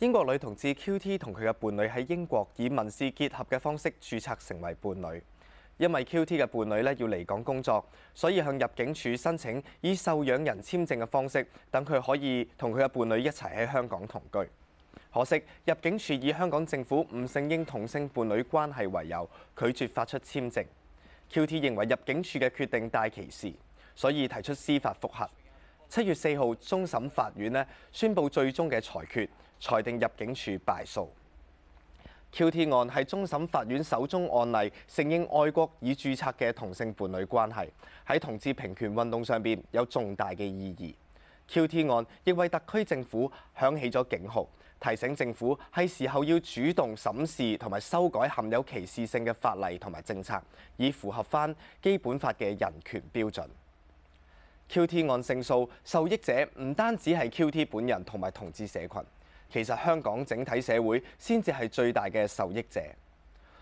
英國女同志 Q.T 同佢嘅伴侶喺英國以民事結合嘅方式註冊成為伴侶，因為 Q.T 嘅伴侶呢要嚟港工作，所以向入境處申請以受養人簽證嘅方式，等佢可以同佢嘅伴侶一齊喺香港同居。可惜入境處以香港政府唔承認同性伴侶關係為由，拒絕發出簽證。Q.T 認為入境處嘅決定大歧視，所以提出司法覆核。七月四號，終審法院呢宣布最終嘅裁決。裁定入境處敗訴。Q T 案係終審法院首宗案例，承認外國已註冊嘅同性伴侶關係喺同志平權運動上邊有重大嘅意義。Q T 案亦為特區政府響起咗警號，提醒政府係時候要主動審視同埋修改含有歧視性嘅法例同埋政策，以符合翻基本法嘅人權標準。Q T 案勝訴，受益者唔單止係 Q T 本人同埋同志社群。其實香港整體社會先至係最大嘅受益者。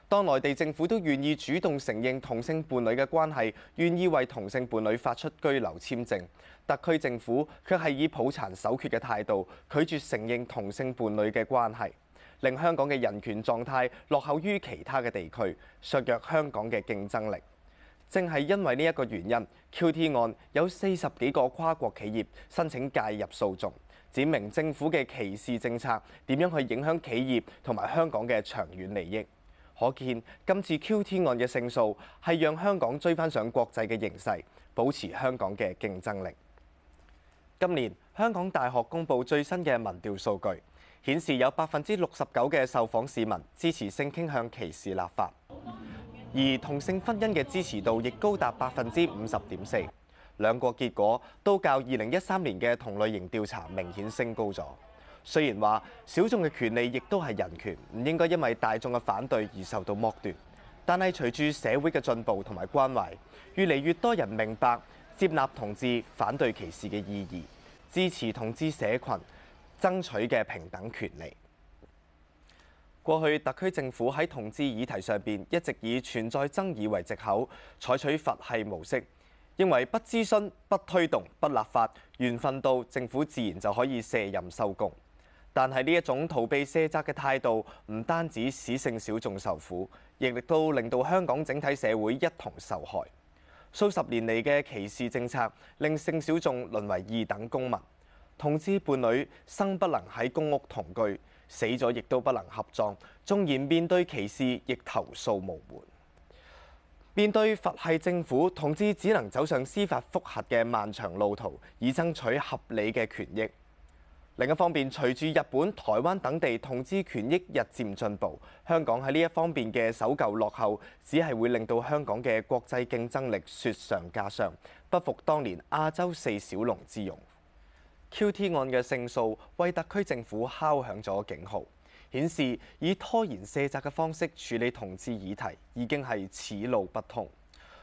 當內地政府都願意主動承認同性伴侶嘅關係，願意為同性伴侶發出居留簽證，特區政府卻係以抱殘守缺嘅態度拒絕承認同性伴侶嘅關係，令香港嘅人權狀態落後於其他嘅地區，削弱香港嘅競爭力。正係因為呢一個原因，QT 案有四十幾個跨國企業申請介入訴訟。指明政府嘅歧視政策點樣去影響企業同埋香港嘅長遠利益，可見今次 QT 案嘅勝訴係讓香港追翻上國際嘅形勢，保持香港嘅競爭力。今年香港大學公布最新嘅民調數據，顯示有百分之六十九嘅受訪市民支持性傾向歧視立法，而同性婚姻嘅支持度亦高達百分之五十點四。兩個結果都較二零一三年嘅同類型調查明顯升高咗。雖然話小眾嘅權利亦都係人權，唔應該因為大眾嘅反對而受到剝奪，但係隨住社會嘅進步同埋關懷，越嚟越多人明白接納同志、反對歧視嘅意義，支持同志社群爭取嘅平等權利。過去特區政府喺同志議題上邊一直以存在爭議為藉口，採取佛系模式。認為不諮詢、不推動、不立法，緣分到政府自然就可以卸任收工。但係呢一種逃避卸責嘅態度，唔單止使性小眾受苦，亦力到令到香港整體社會一同受害。數十年嚟嘅歧視政策，令性小眾淪為二等公民，同志伴侶生不能喺公屋同居，死咗亦都不能合葬，縱然面對歧視亦投訴無門。面對佛系政府，同志只能走上司法覆核嘅漫長路途，以爭取合理嘅權益。另一方面，隨住日本、台灣等地同志權益日漸進步，香港喺呢一方面嘅守舊落後，只係會令到香港嘅國際競爭力雪上加霜，不復當年亞洲四小龍之勇。QT 案嘅勝訴，為特區政府敲響咗警號。顯示以拖延卸責嘅方式處理同志議題已經係此路不通。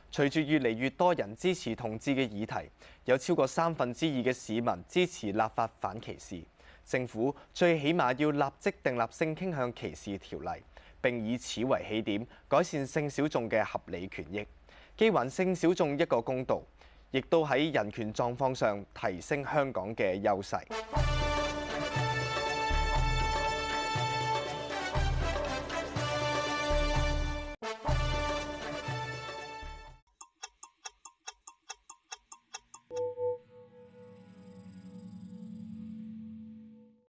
隨住越嚟越多人支持同志嘅議題，有超過三分之二嘅市民支持立法反歧視。政府最起碼要立即訂立性傾向歧視條例，並以此為起點改善性小眾嘅合理權益，既還性小眾一個公道，亦都喺人權狀況上提升香港嘅優勢。